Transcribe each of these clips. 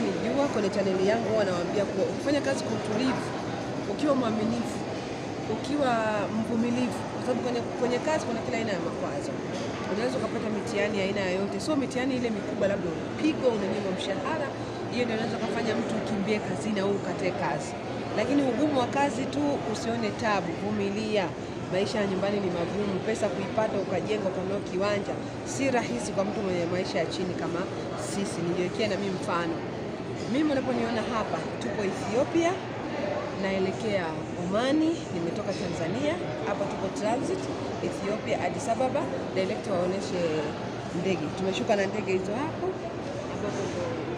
mnavyonijua kwenye chaneli yangu, huwa nawaambia kuwa ukifanya kazi kwa utulivu, ukiwa mwaminifu, ukiwa mvumilivu, kwa sababu kwenye, kwenye kazi kuna kila aina ya makwazo. Unaweza ukapata mitihani aina yoyote, sio mitihani ile mikubwa, labda unapigwa, unanyimwa mshahara, hiyo ndio inaweza kufanya mtu ukimbie kazini au ukatae kazi. Lakini ugumu wa kazi tu usione tabu, vumilia. Maisha ya nyumbani ni magumu, pesa kuipata ukajenga kwa kiwanja si rahisi kwa mtu mwenye maisha ya chini kama sisi. Nijiwekea na mimi mfano. Mimi unaponiona hapa, tupo Ethiopia naelekea Omani, nimetoka Tanzania. Hapa tuko transit Ethiopia, Addis Ababa. Direct waoneshe ndege, tumeshuka na ndege hizo hapo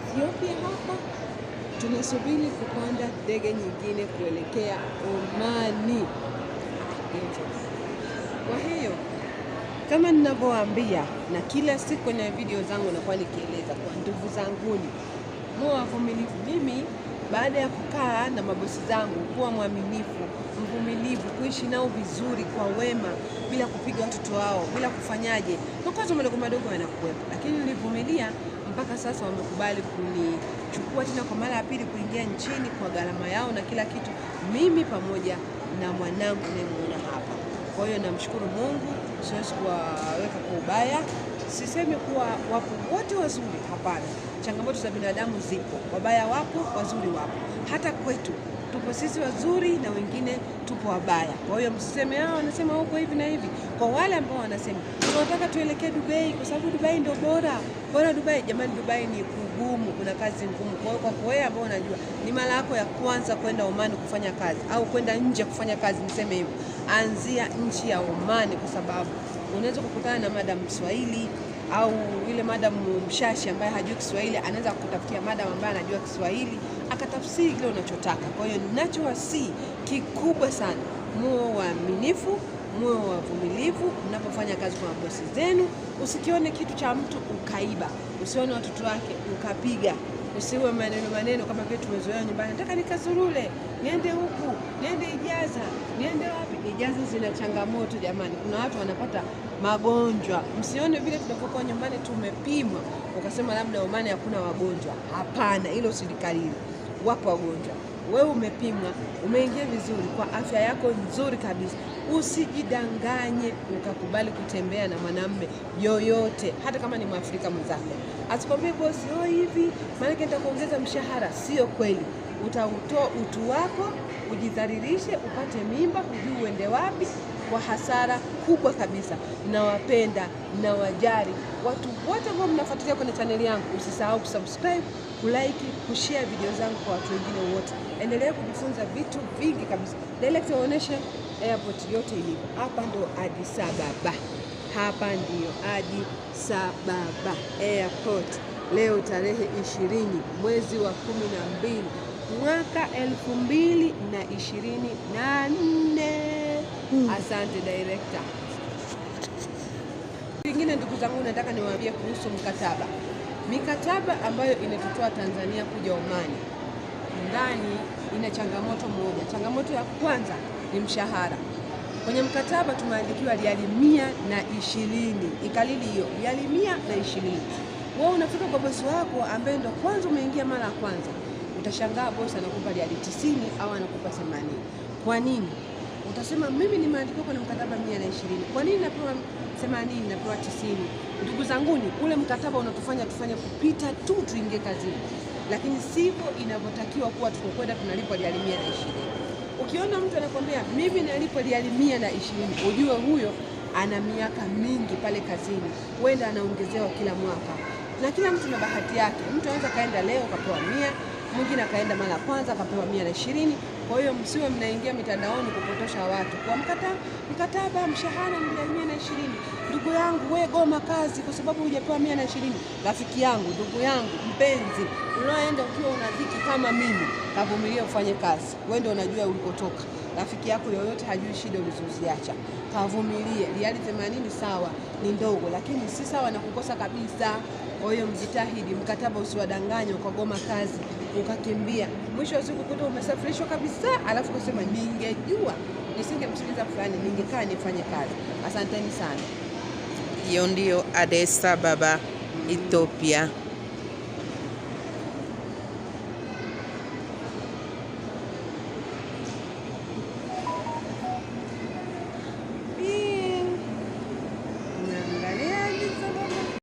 Ethiopia hapa tunasubiri kupanda ndege nyingine kuelekea Omani. Ah, kwa hiyo kama ninavyowaambia na kila siku kwenye video zangu nakuwa nikieleza kwa ndugu zanguni muwe wavumilivu. Mimi baada ya kukaa na mabosi zangu, kuwa mwaminifu, mvumilivu, kuishi nao vizuri kwa wema, bila kupiga watoto wao, bila kufanyaje, makosa madogo madogo yanakuwepo, lakini nilivumilia mpaka sasa wamekubali kunichukua tena kwa mara ya pili kuingia nchini kwa gharama yao na kila kitu, mimi pamoja na mwanangu naye kwa hiyo namshukuru Mungu, siwezi kuwaweka kwa ubaya. Sisemi kuwa wapo wote wazuri, hapana. Changamoto za binadamu zipo, wabaya wapo, wazuri wapo. Hata kwetu tupo sisi wazuri na wengine tupo wabaya. Kwa hiyo msiseme hao ah, wanasema huko hivi na hivi. Kwa wale ambao wanasema tunataka tuelekee Dubai kwa sababu Dubai ndio bora, bora Dubai. Jamani, Dubai ni kugumu, kuna kazi ngumu. Kwa hiyo kwa wewe ambao unajua ni mara yako ya kwanza kwenda Oman kufanya kazi au kwenda nje kufanya kazi, niseme hivyo anzia nchi ya Omani, kwa sababu unaweza kukutana na madam Kiswahili au yule madam mshashi ambaye hajui Kiswahili anaweza kukutafutia madam ambaye anajua Kiswahili akatafsiri kile unachotaka. Kwa hiyo ninachowasi kikubwa sana, muwe waaminifu, muwe wavumilivu mnapofanya kazi kwa mabosi zenu. Usikione kitu cha mtu ukaiba, usione watoto wake ukapiga usiwe maneno maneno kama vile tumezoea nyumbani, nataka nikazurule, niende huku, niende Ijaza, niende wapi. Ijaza zina changamoto jamani, kuna watu wanapata magonjwa. Msione vile tunapokuwa nyumbani tumepimwa ukasema labda Omani hakuna wagonjwa. Hapana, hilo silikalili wapo wagonjwa wewe umepimwa, umeingia vizuri kwa afya yako nzuri kabisa. Usijidanganye ukakubali kutembea na mwanamme yoyote, hata kama ni Mwafrika mwenzako. Asikwambie bosi, oh, hivi maanake nitakuongeza mshahara. Sio kweli. Utautoa utu wako, ujidhalilishe, upate mimba, hujui uende wapi kwa hasara kubwa kabisa. Nawapenda, nawajali watu wote ambao mnafuatilia kwenye chaneli yangu. Usisahau kusubscribe, kulike, kushare video zangu kwa watu wengine wote. Endelea kujifunza vitu vingi kabisa. Direct waoneshe airport yote ilipo Hapa ndo Addis Ababa, hapa ndiyo Addis Ababa airport. Leo tarehe ishirini mwezi wa kumi na mbili mwaka elfu mbili na ishirini na nne. Mm. Asante director. Kingine ndugu zangu, nataka niwaambie kuhusu mkataba, mikataba ambayo inatutoa Tanzania kuja Omani ndani ina changamoto moja. Changamoto ya kwanza ni mshahara. Kwenye mkataba tumeandikiwa riali mia na ishirini, ikalili hiyo riali mia na ishirini. Wewe unafika kwa bosi wako ambaye ndo kwanza umeingia mara ya kwanza, utashangaa bosi anakupa riali tisini au anakupa themanini. Kwa nini? utasema mimi nimeandikwa kwenye mkataba mia na ishirini, kwa nini napewa themanini, napewa tisini? Ndugu zanguni, ule mkataba unatufanya tufanye kupita tu tuingie kazini, lakini sivyo inavyotakiwa kuwa, tukokwenda tunalipwa liali mia na ishirini. Ukiona mtu anakwambia mimi nalipwa liali mia na ishirini, ujue huyo ana miaka mingi pale kazini, huenda anaongezewa kila mwaka, na kila mtu na bahati yake. Mtu anaweza kaenda leo kapewa mia, mwingine akaenda mara ya kwanza akapewa mia na ishirini kwa hiyo msiwe mnaingia mitandaoni kupotosha watu kwa mkataba, mkataba mshahara ni mia na ishirini. Ndugu yangu we goma kazi kwa sababu hujapewa mia na ishirini. Rafiki yangu, ndugu yangu, mpenzi unaoenda ukiwa unadhiki kama mimi, kavumilia ufanye kazi. Wewe ndio unajua ulikotoka. Rafiki yako yoyote hajui shida ulizoziacha, kavumilie. Riali themanini sawa ni ndogo, lakini si sawa na kukosa kabisa. Kwa hiyo mjitahidi, mkataba usiwadanganye ukagoma kazi ukakimbia, mwisho wa siku kuta umesafirishwa kabisa, alafu kasema ningejua nisingemsikiliza fulani, ningekaa nifanye kazi. Asanteni sana. Hiyo ndio Addis Ababa Ethiopia.